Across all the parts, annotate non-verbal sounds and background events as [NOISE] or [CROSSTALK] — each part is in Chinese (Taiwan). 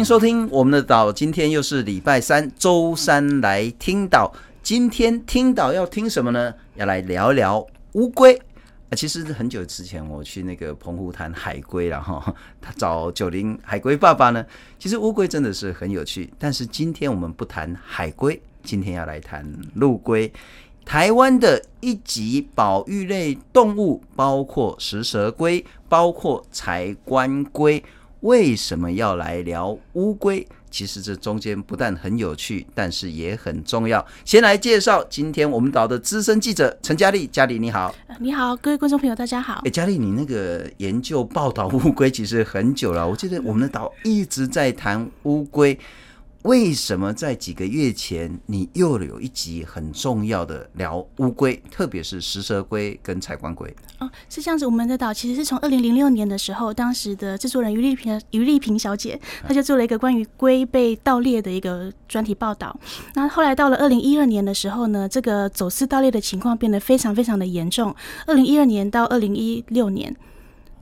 歡迎收聽，聽我們的島，今天又是禮拜三，週三來聽島。今天聽島要聽什麼呢？要來聊聊烏龜，啊。其實很久之前我去那個澎湖談海龜了哈，他找九零海龜爸爸呢。其實烏龜真的是很有趣，但是今天我們不談海龜，今天要來談陸龜，台灣的一級保育類動物，包括食蛇龜，包括柴棺龜。為什麼要來聊烏龜？其實這中間不但很有趣，但是也很重要。先來介紹今天我們島的資深記者陳佳利，佳利你好，你好，各位觀眾朋友，大家好。誒、欸、佳利，你那個研究報道烏龜其實很久了，我記得我們的島一直在談烏龜。.為什麼在幾個月前，你又有一集很重要的聊烏龜，特別是食蛇龜跟柴棺龜？哦，是這樣子，我們的島其實是從二零零六年的時候，當時的製作人於立平、於立平小姐，她就做了一個關於龜被盜獵的一個專題報道。那、啊、後，後來到了二零一二年的時候呢，這個走私盜獵的情況變得非常非常的嚴重。二零一二年到二零一六年。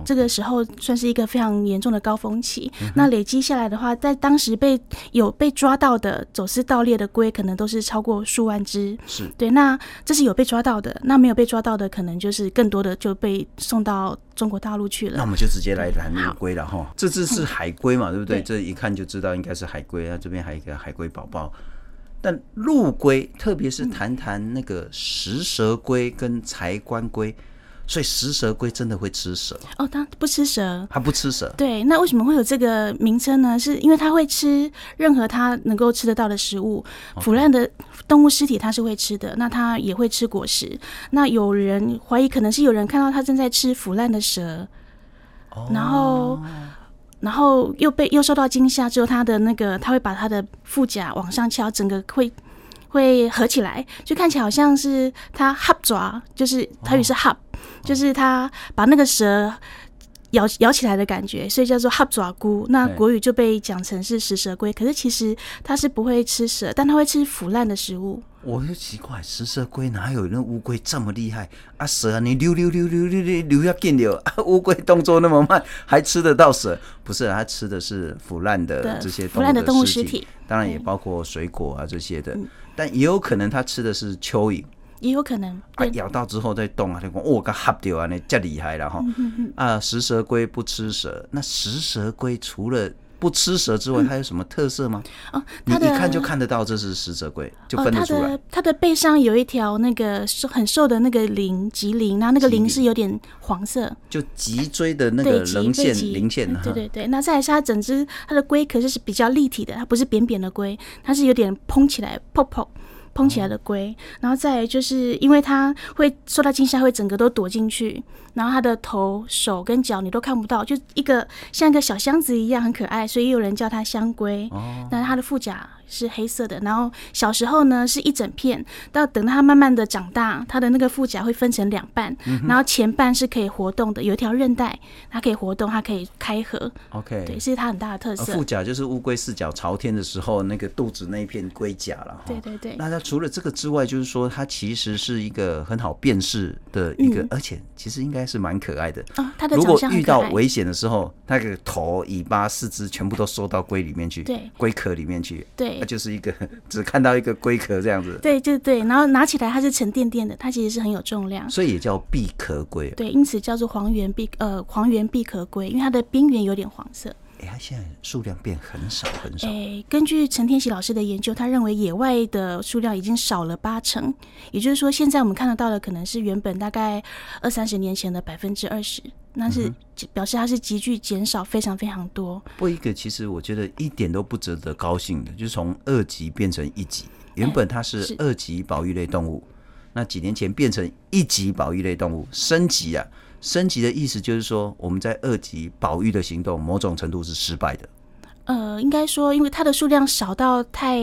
這個時候算是一個非常嚴重的高峰期。嗯、那累積下來的話，在當時被有被抓到的走私盜獵的龜，可能都是超過數萬隻。是對。那這是有被抓到的，那沒有被抓到的，可能就是更多的就被送到中國大陸去了。那我們就直接來談陸龜了哈、嗯。這只是海龜嘛、嗯，對不對？這一看就知道應該是海龜啊。這邊還有一個海龜寶寶。但陸龜，特別是談談那個食蛇龜跟柴棺龜。嗯所以食蛇龜真的會吃蛇哦？它不吃蛇，它不吃蛇。對，那為什麼會有這個名稱呢？是因為它會吃任何它能夠吃得到的食物，okay. 腐爛的動物屍體它是會吃的。那它也會吃果實。那有人懷疑，可能是有人看到它正在吃腐爛的蛇，oh. 然後，然後又被又受到驚嚇之後，它的那個它會把它的腹甲往上翹，整個會會合起來，就看起來好像是它哈爪，就是台語是哈。就是它把那個蛇咬咬起來的感覺，所以叫做“蛤爪菇”。那國語就被講成是食蛇龜，可是其實它是不會吃蛇，但它會吃腐爛的食物。我就奇怪，食蛇龜哪有那烏龜這麼厲害啊，啊？蛇你溜溜溜溜溜溜要下地溜，烏龜動作那麼慢，還吃得到蛇？不是、啊，它吃的是腐爛的這些腐爛的，的動物屍體，當然也包括水果啊這些的，嗯、但也有可能它吃的是蚯蚓。也有可能，啊、咬到之後再動啊！我剛嚇掉啊！那真厲害了哈、哦嗯！啊，食蛇龜不吃蛇，那食蛇龜除了不吃蛇之外、嗯，嗯、它有什麼特色嗎？哦、呃，你一看就看得到這是食蛇龜，就分得出來、呃。它，它的背上有一條那個很瘦的那個鱗，脊鱗，然後那個鱗是有點黃色。就脊椎的那個稜線，鱗線。對對對，那再來是它整隻它的龜殼是，是比較立體的，它不是扁扁的龜，它是有點膨起來，泡泡。空起來的龜，然後再就是因為它會受到驚嚇，會整個都躲進去，然後它的頭、手跟腳你都看不到，就一個像一個小箱子一樣，很可愛，所以也有人叫它箱龜。那、oh. 它的腹甲是黑色的，然後小時候呢是一整片，到等它慢慢的長大，它的那個腹甲會分成兩半，嗯，然後前半是可以活動的，有一條韌帶，它可以活動，它可以開合。OK，對，是它很大的特色。腹甲就是烏龜四腳朝天的時候，那個肚子那一片龜甲啦。對對對。那它除了這個之外，就是說它其實是一個很好辨識的一個，嗯、而且其實應該是蠻可愛的。啊、哦，它的長相很可愛。遇到危險的時候，那個頭、尾巴、四肢全部都縮到龜裡面去，對，龜殼裡面去，對。它、啊、就是一個只看到一個龜殼這樣子， [LAUGHS] 對，就對。然後拿起來它是沉甸甸的，它其實是很有重量，所以也叫閉殼龜。對，因此叫做黃緣閉呃黃緣閉殼龜，因為它的邊緣有點黃色。哎、欸，它現在數量變很少很少。哎、欸，根據陳添喜老師的研究，他認為野外的數量已經少了八成，也就是說，現在我們看得到的可能是原本大概二三十年前的百分之二十，那是、嗯、表示它是急劇減少，非常非常多。不，一個其實我覺得一點都不值得高興的，就是從二級變成一級。原本它是二級保育類動物、欸，那幾年前變成一級保育類動物，升級啊！嗯升級的意思就是說，我們在二級保育的行動某種程度是失敗的。呃，應該說，因為它的數量少到太，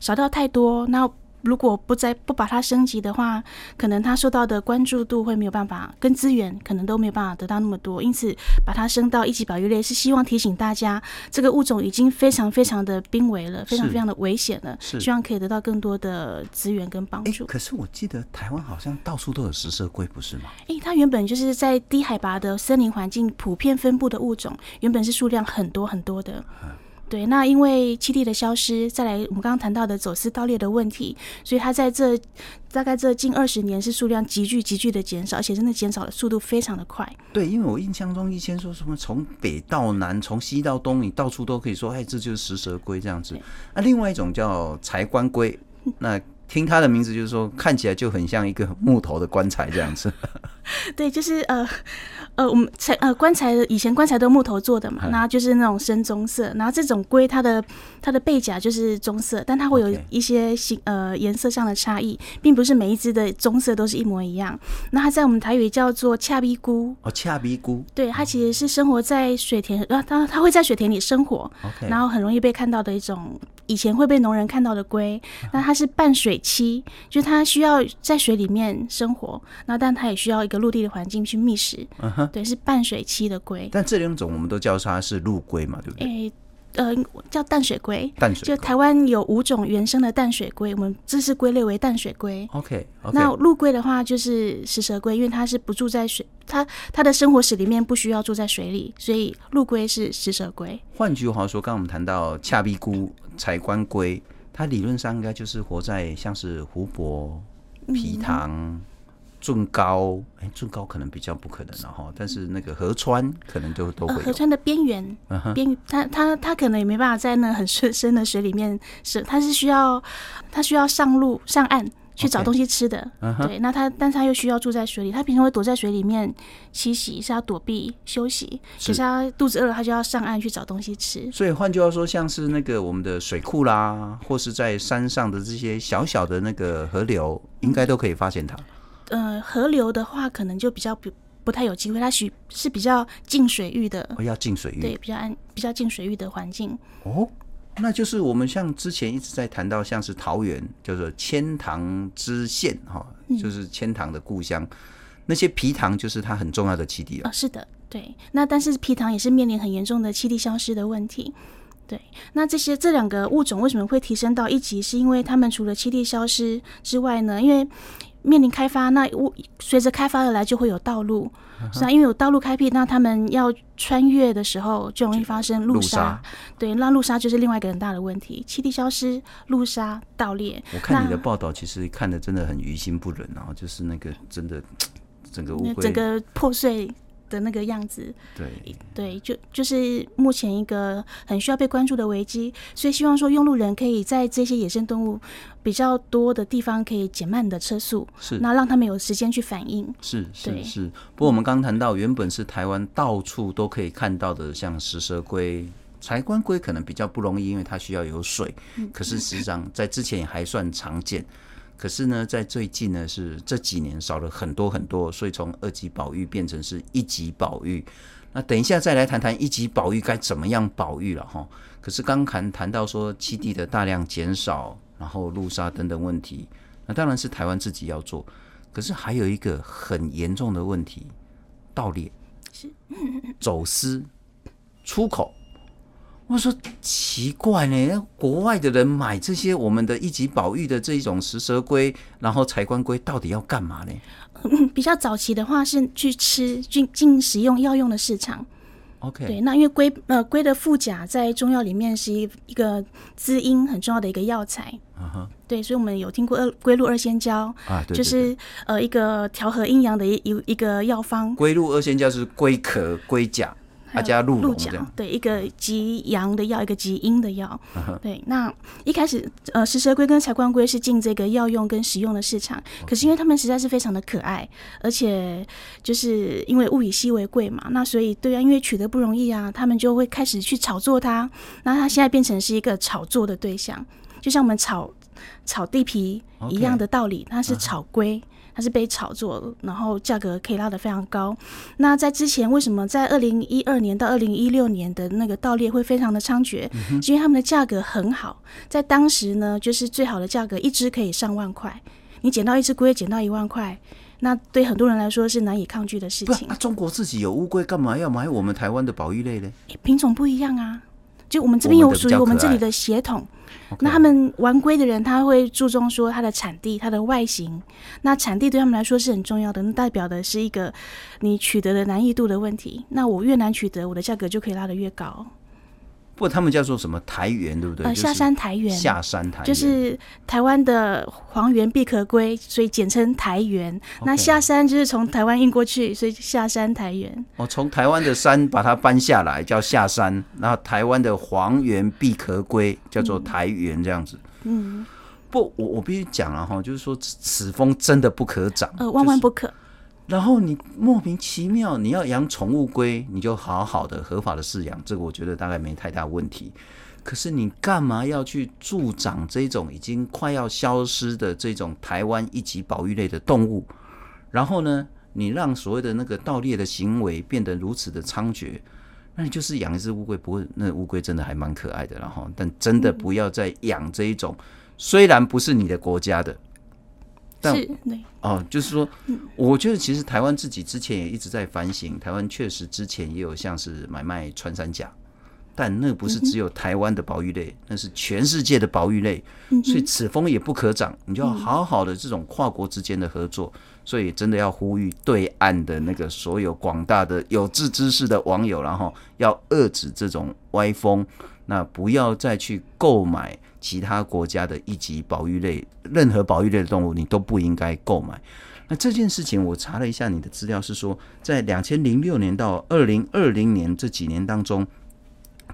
少到太多，那。如果不再不把它升級的話，可能它受到的關注度會沒有辦法，跟資源可能都沒有辦法得到那麼多。因此，把它升到一級保育類，是希望提醒大家，這個物種已經非常非常的瀕危了，非常非常的危險了，希望可以得到更多的資源跟幫助、欸。可是我記得台灣好像到處都有食蛇龜，不是嗎？哎、欸，它原本就是在低海拔的森林環境普遍分布的物種，原本是數量很多很多的。對，那因為棲地的消失，再來我們剛剛談到的走私盜獵的問題，所以它在這大概這近二十年是數量急劇急劇的減少，而且真的減少的速度非常的快。對，因為我印象中以前說什麼從北到南，從西到東，你到處都可以說，哎，這就是食蛇龜這樣子。那、啊、另外一種叫柴棺龜，那聽它的名字就是說看起來就很像一個木頭的棺材這樣子。 [LAUGHS] 對，就是呃。呃，我們才，呃棺材的以前棺材都木頭做的嘛、嗯，那就是那種深棕色。然後這種龜它的它的背甲就是棕色，但它會有一些形、okay. 呃顏色上的差異，並不是每一隻的棕色都是一模一樣。那它在我們台語叫做恰比菇。哦，恰比菇。對，它其實是生活在水田，呃、它它會在水田裡生活，okay. 然後很容易被看到的一種，以前會被農人看到的龜。那它是半水棲，就是、它需要在水裡面生活，那但它也需要一個陸地的環境去覓食。Uh -huh. 對，是半水棲的龜，但這兩種我們都叫它是陸龜嘛，對不對？誒，呃，叫淡水龜，淡水就台灣有五種原生的淡水龜，我們這是歸類為淡水龜。OK，, okay 那陸龜的話就是食蛇龜，因為它是不住在水，它它的生活史裡面不需要住在水裡，所以陸龜是食蛇龜。換句話說，剛剛我們談到恰壁菇、柴棺龜，它理論上應該就是活在像是湖泊、陂塘。嗯重高哎，重高可能比較不可能了、哦、哈。但是那個河川可能就都會，河川的邊緣，uh -huh. 邊它它它可能也沒辦法在那很深深的水裡面是，它是需要它需要上路上岸去找東西吃的。Okay. Uh -huh. 對，那它但是它又需要住在水裡，它平常會躲在水裡面棲息，是要躲避休息。可是它肚子餓了，它就要上岸去找東西吃。所以換句話說，像是那個我們的水庫啦，或是在山上的這些小小的那個河流，應該都可以發現它。呃，河流的話，可能就比較不不太有機會，它是是比較近水域的，要近水域，對，比較安，比較近水域的環境。哦，那就是我們像之前一直在談到，像是桃園叫做千塘之縣哈，就是千塘、哦就是、的故鄉、嗯，那些埤塘就是它很重要的棲地哦，是的，對。那但是埤塘也是面臨很嚴重的棲地消失的問題。對。那這些這兩個物種為什麼會提升到一級？是因為它們除了棲地消失之外呢？因為面臨開發，那我隨着開發而來就會有道路，uh -huh. 是啊，因為有道路開闢，那他們要穿越的時候就容易發生路殺，對，那路殺就是另外一個很大的問題。棲地消失、路殺、盜獵，我看你的報道其實看的真的很於心不忍，然後、哦、就是那個真的整個整個破碎。的那個樣子，對對，就就是目前一個很需要被關注的危機，所以希望說用路人可以在這些野生動物比較多的地方可以減慢你的車速，是，那讓他們有時間去反應。是對是是，是。不過我們剛談到，原本是台灣到處都可以看到的，像食蛇龜、柴棺龜，可能比較不容易，因為它需要有水。可是實際上在之前也還算常見。嗯嗯可是呢，在最近呢，是這幾年少了很多很多，所以從二級保育變成是一級保育。那等一下再來談談一級保育該怎麼樣保育了哈。可是剛談談到說棲地的大量減少，然後路殺等等問題，那當然是台灣自己要做。可是還有一個很嚴重的問題，盜獵走私出口。我說奇怪呢？欸，國外的人買這些我們的一級保育的這種食蛇龜，然後柴棺龜，到底要幹嘛呢、嗯？比較早期的話是去吃進進食用藥用的市場。Okay. 對，那因為龜呃龜的腹甲在中藥裡面是一一個滋陰很重要的一個藥材。啊、uh -huh. 對，所以我們有聽過二龜鹿二仙膠啊，對對對，就是呃一個調和陰陽的一一個藥方。龜鹿二仙膠是龜殼龜甲。阿、啊、家鹿角，對，一個極陽的藥，一個極陰的藥、啊。對，那一開始，呃，食蛇龜跟柴棺龜是進這個藥用跟食用的市場，啊、可是因為它們實在是非常的可愛，而且就是因為物以稀為貴嘛，那所以對啊，因為取得不容易啊，他們就會開始去炒作它。那它現在變成是一個炒作的對象，就像我們炒炒地皮一樣的道理，它、okay、是炒龜。啊它是被炒作，然後價格可以拉得非常高。那在之前，為什麼在二零一二年到二零一六年的那個盜獵會非常的猖獗？嗯、是因為他們的價格很好，在當時呢，就是最好的價格，一只可以上萬塊。你撿到一只龜，撿到一萬塊，那對很多人來說是難以抗拒的事情。啊、中國自己有烏龜，幹嘛要買我們台灣的保育類呢？品種不一樣啊。就我們這邊有屬於我們這裡的血統，那他們玩龜的人，他會注重說它的產地、它的外形。那產地對他們來說是很重要的，那代表的是一個你取得的難易度的問題。那我越難取得，我的價格就可以拉得越高。不，他們叫做什麼台原，對不對？呃，下山台原。下山台就是台灣的黃緣閉殼龜，所以簡稱台原。Okay. 那下山就是從台灣運過去，所以下山台原。哦，從台灣的山把它搬下來叫下山，那台灣的黃緣閉殼龜叫做台原這樣子。嗯，不，我我必須講了哈，就是說此風真的不可長，呃，萬萬不可。然後你莫名其妙，你要養寵物龜，你就好好的合法的飼養，這個我覺得大概沒太大問題。可是你幹嘛要去助長這種已經快要消失的這種台灣一級保育類的動物？然後呢，你讓所謂的那個盜獵的行為變得如此的猖獗？那你就是養一隻烏龜，不會？那烏龜真的還蠻可愛的，然後，但真的不要再養這一種，雖然不是你的國家的。但是哦，就是說、嗯，我覺得其實台灣自己之前也一直在反省，台灣確實之前也有像是買賣穿山甲，但那不是只有台灣的保育類，嗯、那是全世界的保育類、嗯，所以此風也不可長。你就要好好的這種跨國之間的合作，嗯、所以真的要呼籲對岸的那個所有廣大的有志之士的網友，然後要遏制這種歪風，那不要再去購買。其他國家的一級保育類，任何保育類的動物，你都不應該購買。那這件事情，我查了一下你的資料，是說在兩千零六年到二零二零年這幾年當中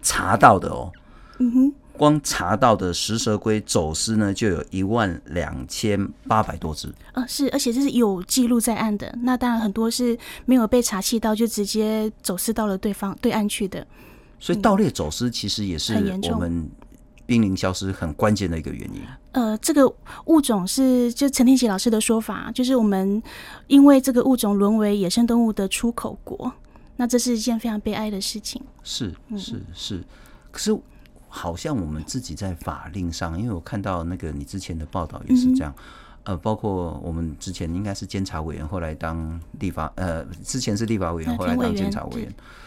查到的哦。嗯哼，光查到的食蛇龜走私呢，就有一萬兩千八百多只。啊、呃，是，而且這是有記錄在案的。那當然，很多是沒有被查緝到，就直接走私到了對方對岸去的。所以盜獵走私其實也是我們、嗯，很嚴重，瀕臨消失很關鍵的一個原因。呃，這個物種是就陳添喜老師的說法，就是我們因為這個物種淪為野生動物的出口國，那這是一件非常悲哀的事情。是是是，可是好像我們自己在法令上，因為我看到那個你之前的報道也是這樣，嗯，呃，包括我們之前應該是監察委員，後來當立法，呃，之前是立法委員，後來當監察委員。啊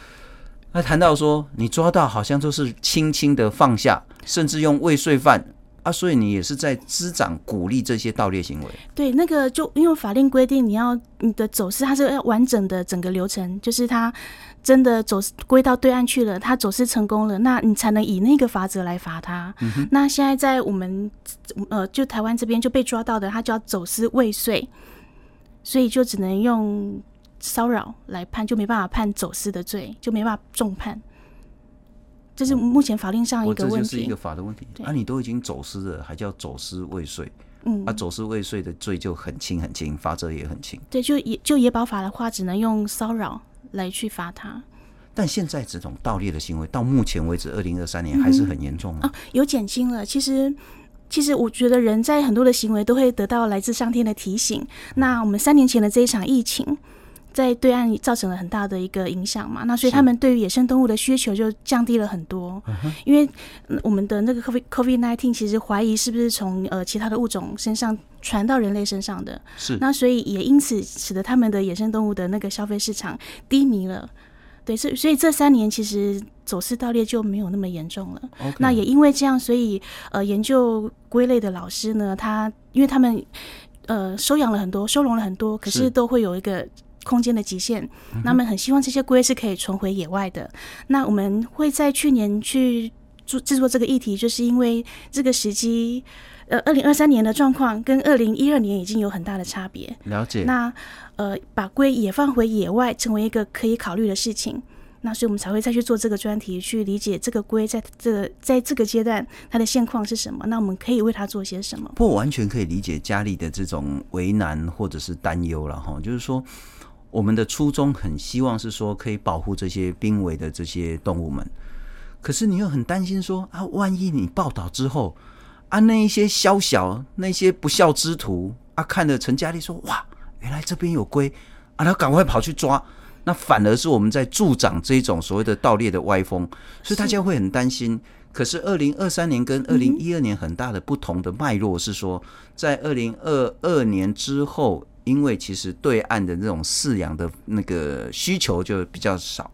他、啊、談到說，你抓到好像就是輕輕的放下，甚至用未遂犯啊，所以你也是在滋長鼓勵這些盜獵行為。對，那個就因為法令規定，你要你的走私，它是要完整的整個流程，就是他真的走歸到對岸去了，他走私成功了，那你才能以那個法則來罰他、嗯。那現在在我們呃，就台灣這邊就被抓到的，他叫走私未遂，所以就只能用。騷擾來判，就沒辦法判走私的罪，就沒辦法重判。這是目前法令上一個問題，嗯、就是一個法的問題。啊，你都已經走私了，還叫走私未遂？嗯，啊，走私未遂的罪就很輕，很輕，罰則也很輕。對，就也，就野保法的話，只能用騷擾來去罰他。但現在這種盜獵的行為，到目前為止，二零二三年還是很嚴重嗎？嗯嗯，啊，有減輕了。其實，其實我覺得人在很多的行為都會得到來自上天的提醒。那我們三年前的這一場疫情。在對岸造成了很大的一個影響嘛？那所以他們對於野生動物的需求就降低了很多，Uh-huh. 因為我們的那個 COVID COVID nineteen 其實懷疑是不是從呃其他的物種身上傳到人類身上的？是。那所以也因此使得他們的野生動物的那個消費市場低迷了。對，所以所以這三年其實走私盜獵就沒有那麼嚴重了。Okay. 那也因為這樣，所以呃研究龜類的老師呢，他因為他們呃收養了很多，收容了很多，可是都會有一個。空間的極限，那麼很希望這些龜是可以重回野外的。那我們會在去年去做制作這個議題，就是因為這個時機，呃，二零二三年的狀況跟二零一二年已經有很大的差別。了解。那呃，把龜也放回野外成為一個可以考慮的事情，那所以我們才會再去做這個專題，去理解這個龜在這個在這個階段它的現況是什麼。那我們可以為它做些什麼？不，我完全可以理解佳利的這種為難或者是擔憂了哈，就是說。我們的初衷很希望是說可以保護這些瀕危的這些動物們，可是你又很擔心說啊，萬一你報道之後啊，那一些宵小、那些不肖之徒啊，看着陳佳利說哇，原來這邊有龜啊，他趕快跑去抓，那反而是我們在助長這種所謂的盜獵的歪風，所以大家會很擔心。可是二零二三年跟二零一二年很大的不同的脈絡是說，在二零二二年之後。因為其實對岸的那種飼養的那個需求就比較少。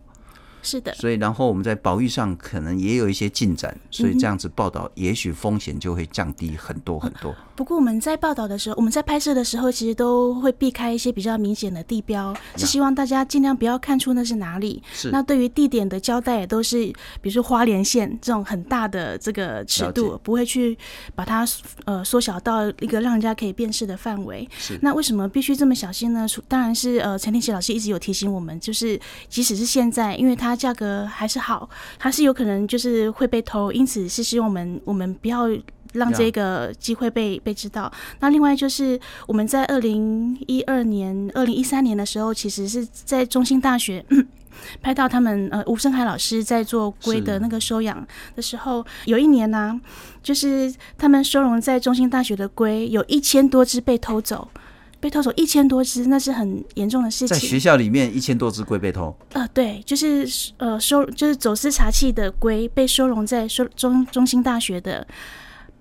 是的，所以然後我們在保育上可能也有一些進展，嗯、所以這樣子報道也許風險就會降低很多很多。嗯、不過我們在報道的時候，我們在拍攝的時候，其實都會避開一些比較明顯的地標，是希望大家盡量不要看出那是哪裡。是那，那對於地點的交代也都是，比如說花蓮縣這種很大的這個尺度，不會去把它呃縮小到一個讓人家可以辨識的範圍。是那為什麼必須這麼小心呢？當然是呃陳添喜老師一直有提醒我們，就是即使是現在，因為他那價格還是好，還是有可能就是會被偷，因此是希望我們我們不要讓這個機會被、yeah. 被知道。那另外就是我們在二零一二年、二零一三年的時候，其實是在中興大學、嗯、拍到他們呃吳聲海老師在做龜的那個收養的時候，有一年呢、啊，就是他們收容在中興大學的龜有一千多隻被偷走。被偷走一千多隻，那是很嚴重的事情。在學校裡面，一千多隻龜被偷。啊、呃。對，就是呃收，就是走私柴棺的龜被收容在收中中興大學的，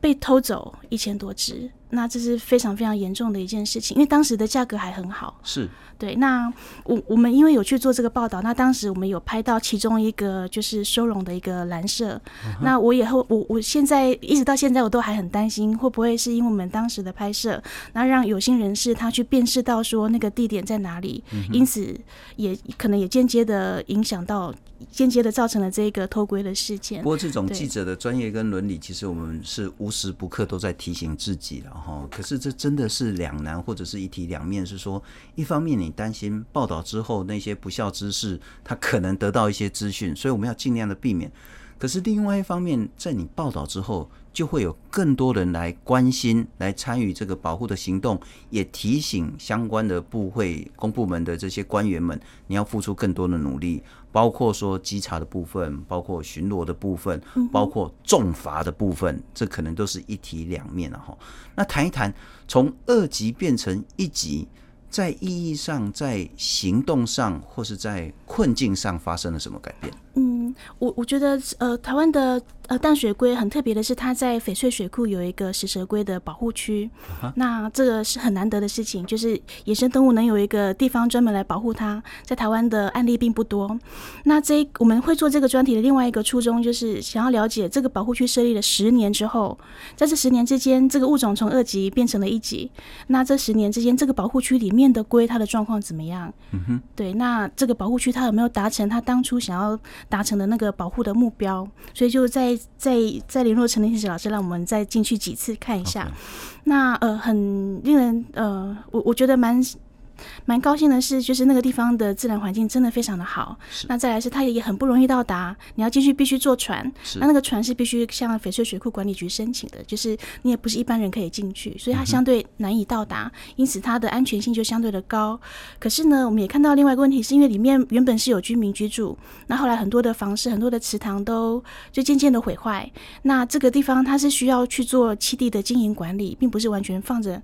被偷走一千多隻，那這是非常非常嚴重的一件事情。因為當時的價格還很好。是。對，那我我們因為有去做這個報道，那當時我們有拍到其中一個就是收容的一個藍色，uh -huh. 那我以後我我現在一直到現在我都還很擔心，會不會是因為我們當時的拍攝，那讓有心人士他去辨識到說那個地點在哪裡，uh -huh. 因此也可能也間接的影響到，間接的造成了這個偷竊的事件。不過這種記者的專業跟倫理，其實我們是無時不刻都在提醒自己了哈。可是這真的是兩難，或者是一體兩面，是說一方面你。擔心報道之後那些不肖之事，他可能得到一些資訊，所以我們要盡量的避免。可是另外一方面，在你報道之後，就會有更多人來關心、來參與這個保護的行動，也提醒相關的部會公部門的這些官員們，你要付出更多的努力，包括說稽查的部分，包括巡邏的部分、嗯，包括重罰的部分，這可能都是一體兩面了、啊、哈。那談一談從二級變成一級。在意義上，在行動上，或是在困境上，發生了什麼改變？嗯，我我覺得，呃，台灣的。呃，淡水龜很特別的是，它在翡翠水庫有一個食蛇龜的保護區，啊？那這個是很難得的事情，就是野生動物能有一個地方專門來保護它，在台灣的案例並不多。那這一我們會做這個專題的另外一個初衷，就是想要了解這個保護區設立了十年之後，在這十年之間，這個物種從二級變成了一級，那這十年之間，這個保護區裡面的龜它的狀況怎麼樣？嗯哼。對，那這個保護區它有沒有達成它當初想要達成的那個保護的目標？所以就在。再再聯絡陳林老師，讓我們再進去幾次看一下。Okay. 那呃，很令人呃，我我覺得蠻。蠻高興的是，就是那個地方的自然環境真的非常的好。那再來是它也很不容易到達，你要進去必須坐船。那那個船是必須向翡翠水庫管理局申請的，就是你也不是一般人可以進去，所以它相對難以到達，嗯，因此它的安全性就相對的高。可是呢，我們也看到另外一個問題，是因為裡面原本是有居民居住，那後來很多的房舍、很多的池塘都就漸漸的毀壞。那這個地方它是需要去做棲地的經營管理，並不是完全放着，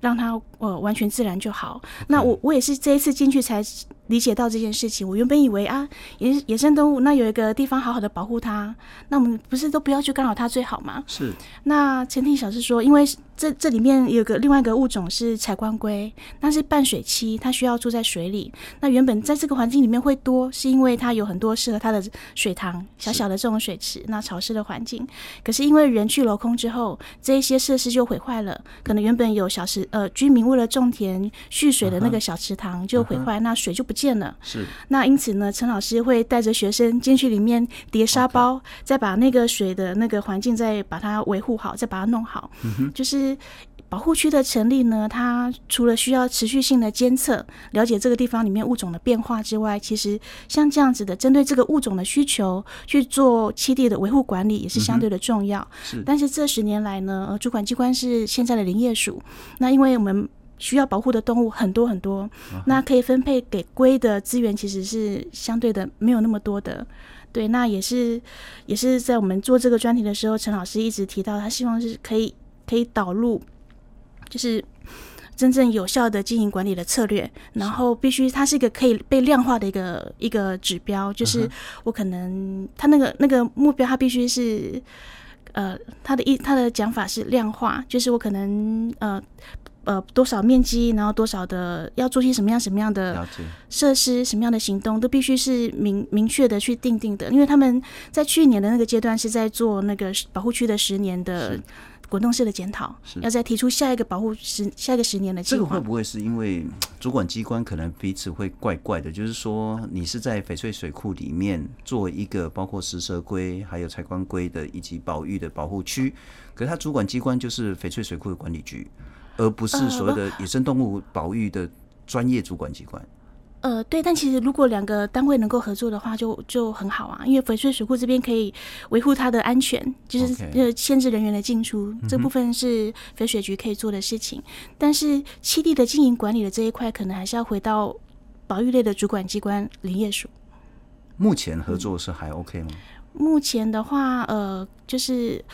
讓它呃完全自然就好。那我我也是這一次進去才理解到這件事情，我原本以為啊，野野生動物那有一個地方好好的保護它，那我們不是都不要去干擾它最好嗎？是。那陳添喜老師說，因為這這裡面有個另外一個物種是柴棺龜，那是半水棲，它需要住在水裡。那原本在這個環境裡面會多，是因為它有很多適合它的水塘，小小的這種水池，那潮濕的環境。可是因為人去樓空之後，這一些設施就毀壞了，可能原本有小池呃居民為了種田蓄水的那個小池塘就毀壞，uh -huh. 那水就不。見了是，那因此呢，陳老師會帶着學生進去裡面疊沙包，再把那個水的那個環境再把它維護好，再把它弄好。嗯、就是保護區的成立呢，它除了需要持續性的監測，了解這個地方裡面物種的變化之外，其實像這樣子的，針對這個物種的需求去做棲地的維護管理，也是相對的重要、嗯。但是這十年來呢，主管機關是現在的林業署，那因為我們。需要保護的動物很多很多，uh -huh. 那可以分配給龜的資源其實是相對的沒有那麼多的。對，那也是也是在我們做這個專題的時候，陳老師一直提到，他希望是可以可以導入，就是真正有效的經營管理的策略。Uh -huh. 然後必須它是一個可以被量化的一個一個指標，就是我可能他、uh -huh. 那個那個目標，他必須是呃，他的一他的講法是量化，就是我可能呃。呃，多少面積，然後多少的要做些什麼樣什麼樣的設施，什麼樣的行動，都必須是明明確的去訂定的，因為他們在去年的那個階段是在做那個保護區的十年的。滾動式的檢討，要再提出下一個保護十下一個十年的計劃。這個會不會是因為主管機關可能彼此會怪怪的？就是說，你是在翡翠水庫裡面做一個包括食蛇龜，還有柴棺龜的以及保育的保護區，可是他主管機關就是翡翠水庫的管理局，而不是所謂的野生動物保育的專業主管機關。呃，對，但其實如果兩個單位能夠合作的話就，就就很好啊。因為翡翠水庫這邊可以維護它的安全，就是呃限制人員的進出，okay. 這部分是翡翠局可以做的事情。嗯、但是棲地的經營管理的這一塊，可能還是要回到保育類的主管機關林業署。目前合作是還 OK 嗎？嗯、目前的話，呃，就是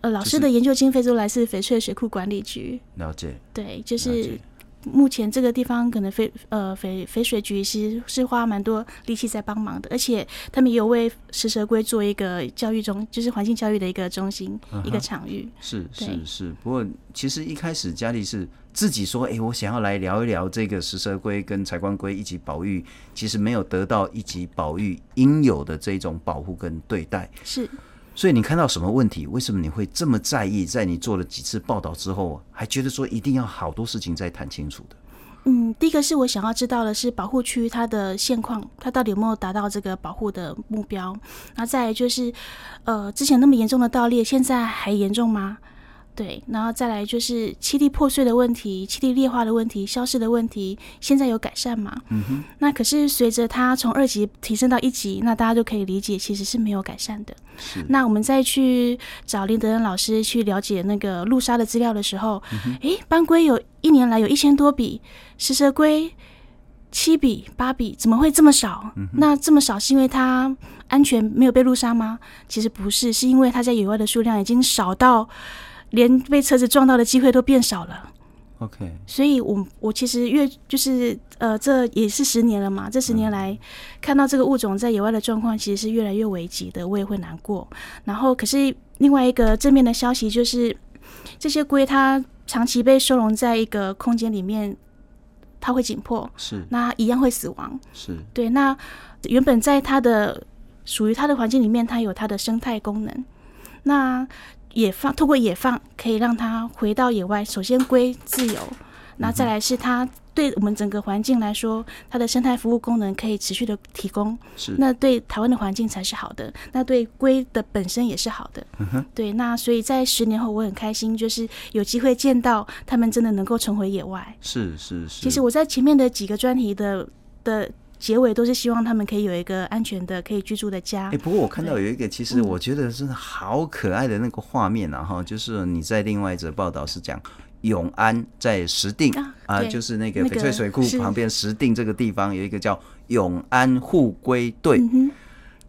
呃，老師的研究經費都來自翡翠水,水庫管理局。就是、了解。對，就是。目前這個地方可能肥呃肥肥水局是是花蠻多力氣在幫忙的，而且他們也有為食蛇龜做一個教育中，就是環境教育的一個中心、啊，一個場域。是是是，是，不過其實一開始佳利是自己說，哎，欸，我想要來聊一聊這個食蛇龜跟柴棺龜，以及保育，其實沒有得到一級保育應有的這種保護跟對待。是。所以你看到什麼問題？為什麼你會這麼在意？在你做了幾次報道之後，還覺得說一定要好多事情再談清楚的？嗯，第一個是我想要知道的是保護區它的現況，它到底有沒有達到這個保護的目標？那再就是，呃，之前那麼嚴重的盜獵，現在還嚴重嗎？對，然後再來就是棲地破碎的問題、棲地劣化的問題、消失的問題，現在有改善嗎？嗯那可是隨着它從二級提升到一級，那大家就可以理解，其實是沒有改善的。那我們再去找林德恩老師去了解那個路殺的資料的時候，哎、嗯，斑龜有一年來有一千多筆，食蛇龜七筆八筆，怎麼會這麼少？嗯、那這麼少是因為它安全沒有被路殺嗎？其實不是，是因為它在野外的數量已經少到。連被車子撞到的機會都變少了。OK。所以我，我我其實越就是呃，這也是十年了嘛。這十年來，嗯、看到這個物種在野外的狀況，其實是越來越危急的。我也會難過。然後，可是另外一個正面的消息就是，這些龜它長期被收容在一個空間裡面，它會緊迫，是那一樣會死亡，是對。那原本在它的屬於它的環境裡面，它有它的生態功能，那。野放，透過野放可以讓他回到野外。首先，龜自由，那、嗯、再來是它對我們整個環境來說，它的生態服務功能可以持續的提供。是，那對台灣的環境才是好的，那對龜的本身也是好的、嗯。對。那所以在十年後，我很開心，就是有機會見到他們真的能夠重回野外。是是是。其實我在前面的幾個專題的的。結尾都是希望他們可以有一個安全的、可以居住的家、欸。不過我看到有一個，其實我覺得真的好可愛的那個畫面，啊。哈，就是你在另外一則報道是講永安在石碇啊，啊，就是那個翡翠水庫旁邊石碇這個地方有一個叫永安護龜隊。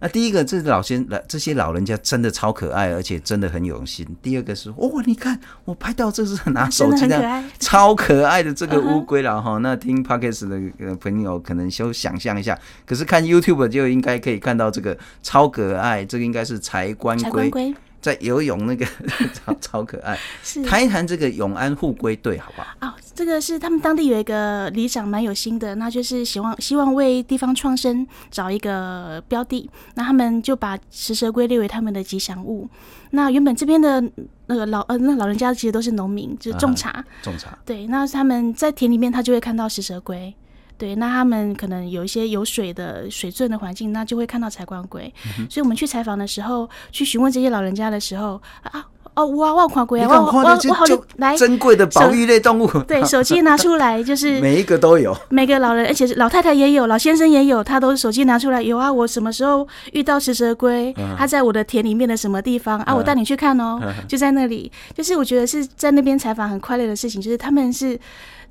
那、啊、第一個，這老先，這些老人家真的超可愛，而且真的很有心。第二個是，哦，你看我拍到這是拿手機、啊，超可愛的這個烏龜了哈。那聽 Podcast 的朋友可能就想象一下，可是看 YouTube 就應該可以看到這個超可愛，這個應該是柴棺龜。在游泳，那個超超可愛。 [LAUGHS] 是，談一談這個永安護龜隊好不好？哦，這個是他們當地有一個里長，蠻有心的。那就是希望希望為地方創生找一個標的。那他們就把食蛇龜列為他們的吉祥物。那原本這邊的那個、呃、老呃那老人家其實都是農民，就是種茶。啊、種茶。對，那他們在田裡面，他就會看到食蛇龜。對，那他們可能有一些有水的、水潤的環境，那就會看到柴棺龜。所以我們去採訪的時候，去詢問這些老人家的時候啊，哦，哇，萬款龜啊，萬款龜就來珍貴的保育類動物。啊、對，手機拿出來就是每一個都有，每個老人，而且是老太太也有，老先生也有，他都是手機拿出來有啊。我什麼時候遇到食蛇龜？他在我的田裡面的什麼地方呵呵啊？我帶你去看哦呵呵，就在那裡。就是我覺得是在那邊採訪很快樂的事情，就是他們是。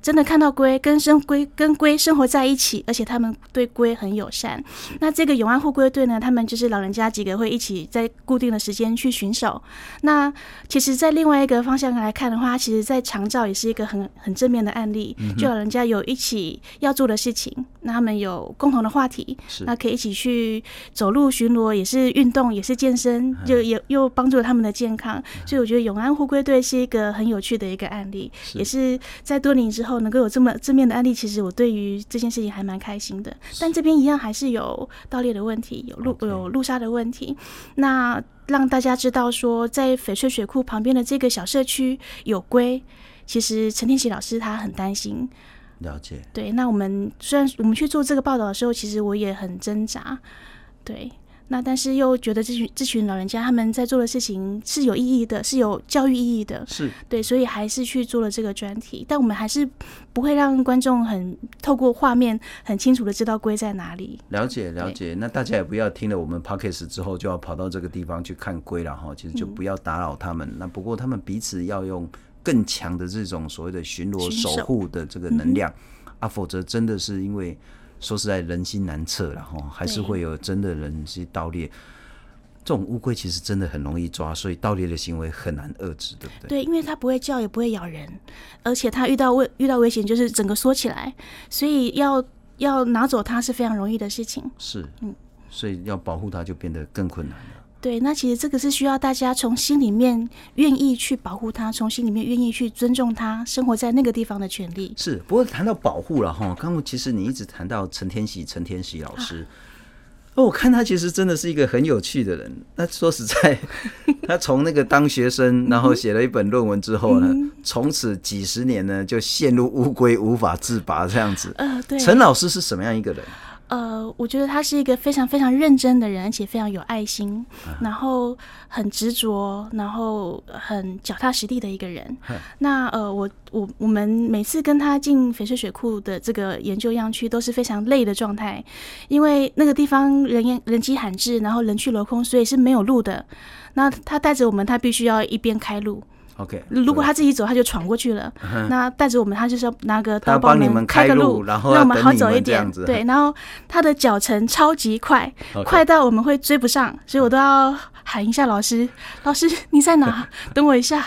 真的看到龜跟，生龜跟龜生活在一起，而且他們對龜很友善。那這個永安護龜隊呢，他們就是老人家幾個會一起在固定的時間去巡守。那其實，在另外一個方向來看的話，其實在長照也是一個很很正面的案例，嗯。就老人家有一起要做的事情，那他們有共同的話題，是，那可以一起去走路巡邏，也是運動，也是健身，就也又幫助了他們的健康，嗯。所以我覺得永安護龜隊是一個很有趣的一個案例，是。也是在多年之後，能夠有這麼正面的案例，其實我對於這件事情還蠻開心的。但這邊一樣還是有盜獵的問題，有路有路殺的問題。那讓大家知道說，在翡翠水庫旁邊的這個小社區有龜，其實陳添喜老師他很擔心。了解。對，那我們雖然我們去做這個報道的時候，其實我也很掙扎。對。那但是又覺得這群這群老人家他們在做的事情是有意義的，是有教育意義的，是對，所以還是去做了這個專題。但我們還是不會讓觀眾很透過畫面很清楚的知道龜在哪裡。了解，了解，那大家也不要聽了我們 Podcast 之後、嗯、就要跑到這個地方去看龜了哈，其實就不要打擾他們、嗯。那不過他們彼此要用更強的這種所謂的巡邏守護的這個能量、嗯、啊，否則真的是因為。說實在，人心難測，然後還是會有真的人去盜獵。這種烏龜其實真的很容易抓，所以盜獵的行為很難遏制，對不對？對，因為它不會叫，也不會咬人，而且它遇到危遇到危險就是整個縮起來，所以要要拿走它是非常容易的事情。是，嗯，所以要保護它就變得更困難了。嗯對，那其實這個是需要大家從心裡面願意去保護他，從心裡面願意去尊重他生活在那個地方的權利。是，不過談到保護了哈，剛剛其實你一直談到陳添喜，陳添喜老師、啊，哦，我看他其實真的是一個很有趣的人。那說實在，他從那個當學生， [LAUGHS] 然後寫了一本論文之後呢，嗯、從此幾十年呢就陷入烏龜無法自拔這樣子、呃。陳老師是什麼樣一個人？呃，我覺得他是一個非常非常認真的人，而且非常有愛心，然後很執着，然後很腳踏實地的一個人。那呃，我我我們每次跟他進翡翠水、水庫的這個研究樣區都是非常累的狀態，因為那個地方人煙人跡罕至，然後人去樓空，所以是沒有路的。那他帶着我們，他必須要一邊開路。OK，如果他自己走，他就闖過去了。嗯、那帶着我們，他就是要拿個刀他幫我們開，開個路，然後讓我們好走一點。對，然後他的腳程超級快，okay。快到我們會追不上，所以我都要喊一下老師：“嗯、老師你在哪兒？ [LAUGHS] 等我一下。”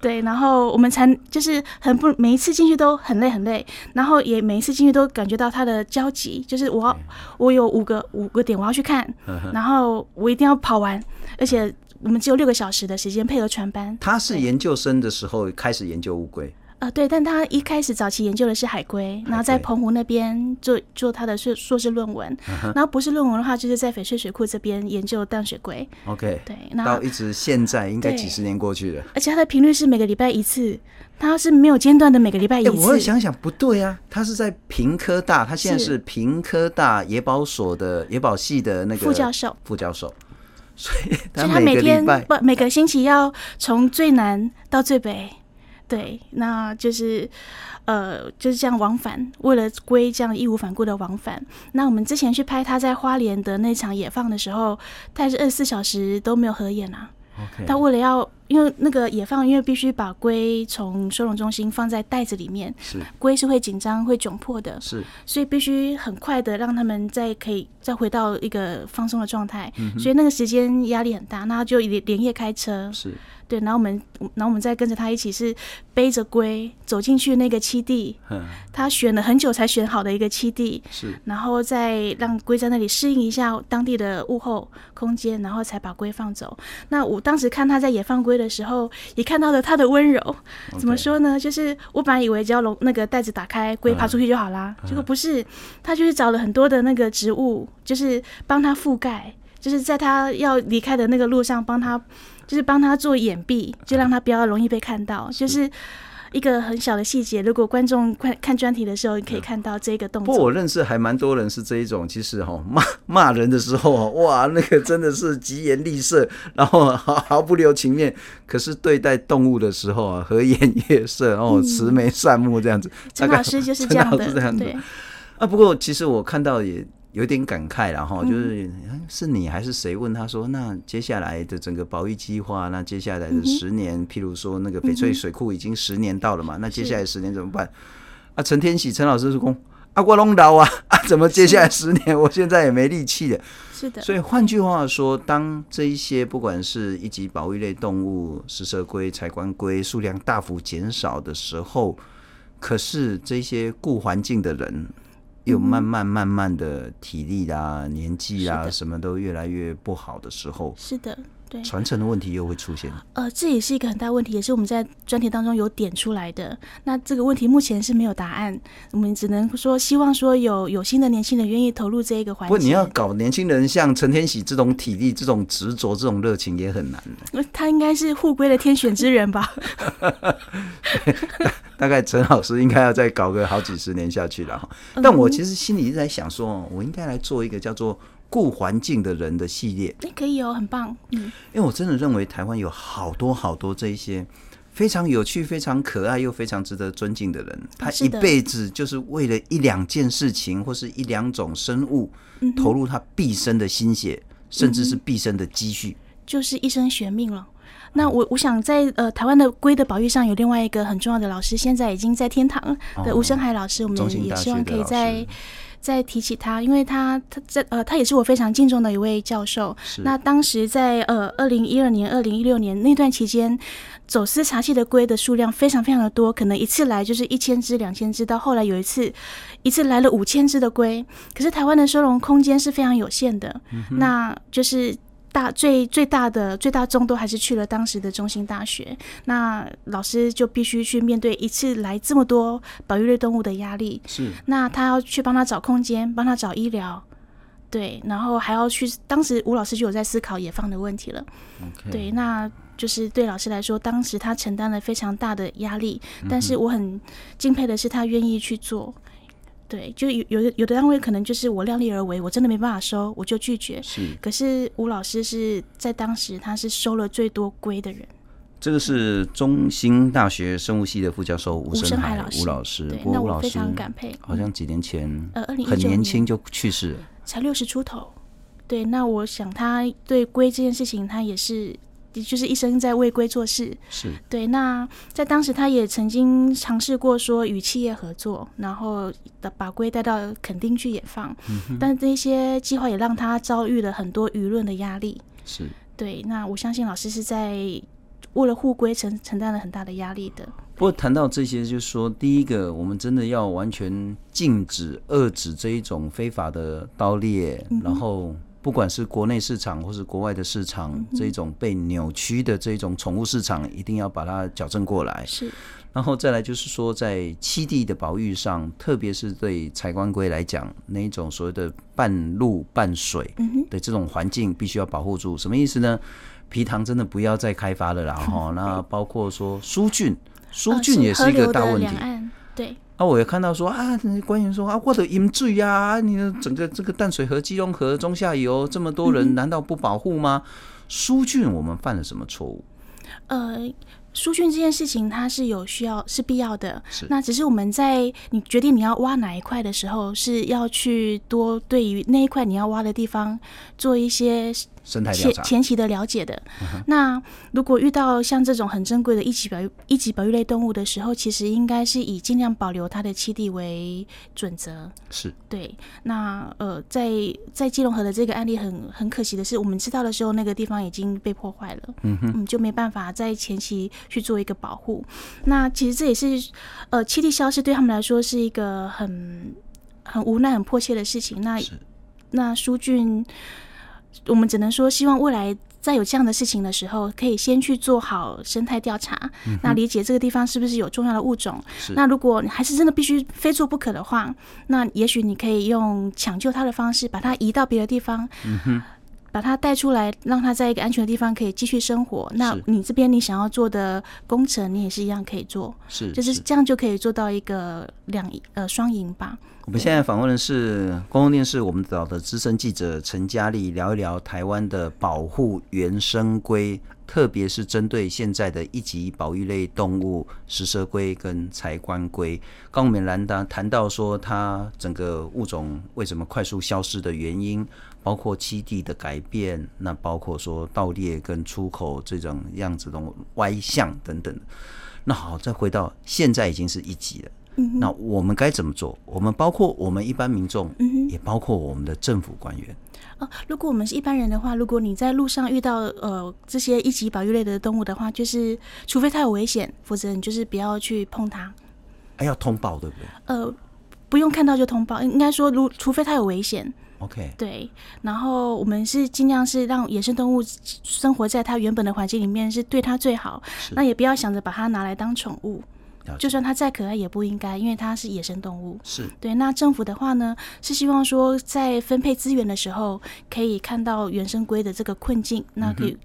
對，然後我們才就是很不每一次進去都很累很累，然後也每一次進去都感覺到他的焦急，就是我、嗯、我有五個五個點我要去看、嗯，然後我一定要跑完，而且。我們只有六個小時的時間，配合船班。他是研究生的時候開始研究烏龜。呃，對，但他一開始早期研究的是海龜，然後在澎湖那邊做做他的碩碩士論文，啊。然後不是論文的話，就是在翡翠水庫這邊研究淡水龜。OK，對，那一直現在應該幾十年過去了。而且它的頻率是每個禮拜一次，它是沒有間斷的，每個禮拜一次。欸、我會想想，不對啊，他是在屏科大，他現在是屏科大野保所的野保系的那個副教授，副教授。所以，他每天不 [LAUGHS] 每個星期要從最南到最北，對，那就是，呃，就是這樣往返。為了龜這樣義無反顧的往返，那我們之前去拍他在花蓮的那場野放的時候，他是二十四小時都沒有合眼啊。Okay. 他為了要。因為那個野放，因為必須把龜從收容中心放在袋子裡面，是，龜是會緊張、會窘迫的，是，所以必須很快的讓他們再可以再回到一個放鬆的狀態，嗯，所以那個時間壓力很大，那他就連連夜開車，是，對，然後我們然後我們再跟着他一起是背着龜走進去那個棲地，嗯，他選了很久才選好的一個棲地，是，然後再讓龜在那裡適應一下當地的物候空間，然後才把龜放走。那我當時看他在野放龜。的時候也看到了他的溫柔，okay. 怎麼說呢？就是我本來以為只要那個袋子打開，龜爬出去就好啦。Uh. 結果不是，他就是找了很多的那個植物，就是幫他覆蓋，就是在他要離開的那個路上幫他，就是幫他做掩蔽，就讓他不要容易被看到，uh. 就是。一個很小的細節，如果觀眾看看專題的時候，可以看到這個動作。嗯、不過我認識還蠻多人是這一種，其實哈罵罵人的時候啊，哇，那個真的是疾言厲色，然後毫不不留情面。可是對待動物的時候啊，和顏悅色，哦，慈眉善目這樣子。陳、嗯、老師就是這樣的，陳老師這樣啊，不過其實我看到也。有點感慨了哈、嗯，就是是你還是誰問他說，那接下來的整個保育計劃，那接下來的十年，嗯、譬如說那個翡翠水庫已經十年到了嘛、嗯，那接下來十年怎麼辦？啊，陳添喜，陳老師說，啊，我弄到啊，啊，怎麼接下來十年，我現在也沒力氣的，是的。所以換句話說，當這一些不管是一級保育類動物，食蛇龜、柴棺龜數量大幅減少的時候，可是這些顧環境的人。有慢慢慢慢的體力啊、嗯、年紀啊，什麼都越來越不好的時候。是的。傳承的問題又會出現。呃，這也是一個很大問題，也是我們在專題當中有點出來的。那這個問題目前是沒有答案，我們只能說希望說有有新的年輕人願意投入這一個環境。不過你要搞年輕人，像陳添喜這種體力、這種執着、這種熱情也很難。他應該是護龜的天選之人吧？ [LAUGHS] [LAUGHS] [LAUGHS] 大概陳老師應該要再搞個好幾十年下去了。嗯、但我其實心裡一直在想說，說我應該來做一個叫做。顧環境的人的系列。哎，可以哦，很棒。嗯，因為我真的認為台灣有好多好多這一些非常有趣、非常可愛又非常值得尊敬的人，他一輩子就是為了一兩件事情或是一兩種生物投入他畢生的心血，甚至是畢生的積蓄，嗯的、嗯嗯，就是一生懸命了。那我我想在呃台灣的龜的保育上有另外一個很重要的老師，現在已經在天堂的吳聲海老師，我們也希望可以在。再提起他，因為他他在呃，他也是我非常敬重的一位教授。那當時在呃，二零一二年、二零一六年那段期間，走私柴棺的龜的數量非常非常的多，可能一次來就是一千隻、兩千隻，到後來有一次一次來了五千隻的龜。可是台灣的收容空間是非常有限的，嗯、那就是。大最最大的最大眾都還是去了當時的中興大學，那老師就必須去面對一次來這麼多保育類動物的壓力，是那他要去幫他找空間，幫他找醫療，對，然後還要去當時吳老師就有在思考野放的問題了，okay. 對，那就是對老師來說，當時他承擔了非常大的壓力，但是我很敬佩的是他願意去做。對，就有有的有的單位可能就是我量力而為，我真的沒辦法收，我就拒絕。是，可是吳老師是在當時他是收了最多龜的人。這個是中興大學生物系的副教授吳生海、嗯、吳生海老師。吳老師，對，那我非常感佩。好像幾年前，嗯、呃、2019，很年輕就去世了，才六十出頭。對，那我想他對龜這件事情，他也是。就是一生在為龜做事，是對。那在當時，他也曾經嘗試過，說與企業合作，然後把龜帶到墾丁去野放，嗯、但這些計劃也讓他遭遇了很多輿論的壓力。是，對。那我相信老師是在為了護龜承承擔了很大的壓力的。不過談到這些，就是說第一個，我們真的要完全禁止、遏制，這一種非法的盜獵、嗯，然後。不管是國內市場或是國外的市場，嗯、這種被扭曲的這種寵物市場，一定要把它矯正過來。是，然後再來就是說，在棲地的保育上，特別是對柴棺龜來講，那一種所謂的半陸半水的這種環境，必須要保護住、嗯。什麼意思呢？埤塘真的不要再開發了啦。然、嗯、後、嗯，那包括說疏濬，疏濬也是一個大問題。哦那、啊、我也看到說啊，官員說啊，我的淹水呀，你整個這個淡水河、基隆河中下游這麼多人，難道不保護嗎？疏、嗯、浚我們犯了什麼錯誤？呃，疏浚這件事情它是有需要是必要的，那只是我們在你決定你要挖哪一塊的時候，是要去多對於那一塊你要挖的地方做一些。前前期的了解的。嗯，那如果遇到像這種很珍貴的一級保育一級保育類動物的時候，其實應該是以盡量保留它的棲地為準則。是對。那呃，在在基隆河的這個案例很、很很可惜的是，我們知道的時候，那個地方已經被破壞了，嗯嗯，就沒辦法在前期去做一個保護。那其實這也是呃棲地消失對他們來說是一個很很無奈、很迫切的事情。那是那蘇俊。我們只能說，希望未來再有這樣的事情的時候，可以先去做好生態調查，嗯，那理解這個地方是不是有重要的物種。那如果還是真的必須非做不可的話，那也許你可以用搶救它的方式，把它移到別的地方。嗯把它帶出來，讓它在一個安全的地方可以繼續生活。那你這邊你想要做的工程，你也是一樣可以做，是,是，就是這樣就可以做到一個兩呃雙贏吧。我們現在訪問的是公共電視我們島的資深記者陳佳利，聊一聊台灣的保護原生龜，特別是針對現在的一級保育類動物食蛇龜跟柴棺龜。剛我們蘭達談到說，它整個物種為什麼快速消失的原因。包括棲地的改變，那包括說盜獵跟出口這種樣子的歪向等等。那好，再回到現在已經是一級了。嗯、那我們該怎麼做？我們包括我們一般民眾、嗯，也包括我們的政府官員、呃、如果我們是一般人的話，如果你在路上遇到呃這些一級保育類的動物的話，就是除非它有危險，否則你就是不要去碰它。還、啊、要通報對不對？呃，不用看到就通報，應該說如除非它有危險。OK，對，然後我們是儘量是讓野生動物生活在它原本的環境裡面，是對它最好。那也不要想着把它拿來當寵物，就算它再可愛也不應該，因為它是野生動物。是對。那政府的話呢，是希望說在分配資源的時候，可以看到原生龜的這個困境，那可以。嗯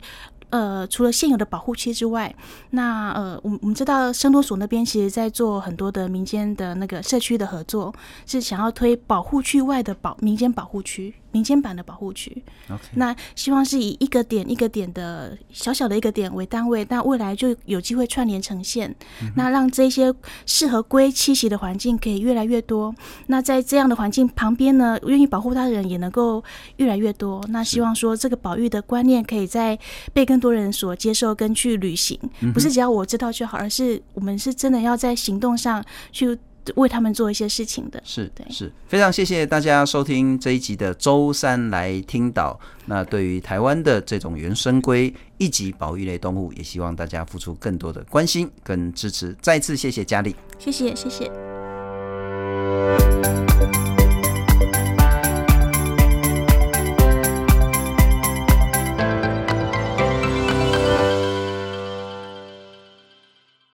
呃，除了現有的保護區之外，那呃，我們我們知道，生多所那邊其實在做很多的民間的那個社區的合作，是想要推保護區外的保民間保護區。民間版的保護區，Okay. 那希望是以一個點一個點的小小的一個點為單位，那未來就有機會串聯成線、嗯，那讓這些適合龜棲息的環境可以越來越多。那在這樣的環境旁邊呢，願意保護它的人也能夠越來越多。那希望說這個保育的觀念可以在被更多人所接受跟去履行、嗯，不是只要我知道就好，而是我們是真的要在行動上去。為他們做一些事情的。是是，非常謝謝大家收聽這一集的周三來聽島。那對於台灣的這種原生龜一級保育類動物，也希望大家付出更多的關心跟支持。再次謝謝佳利，謝謝，謝謝。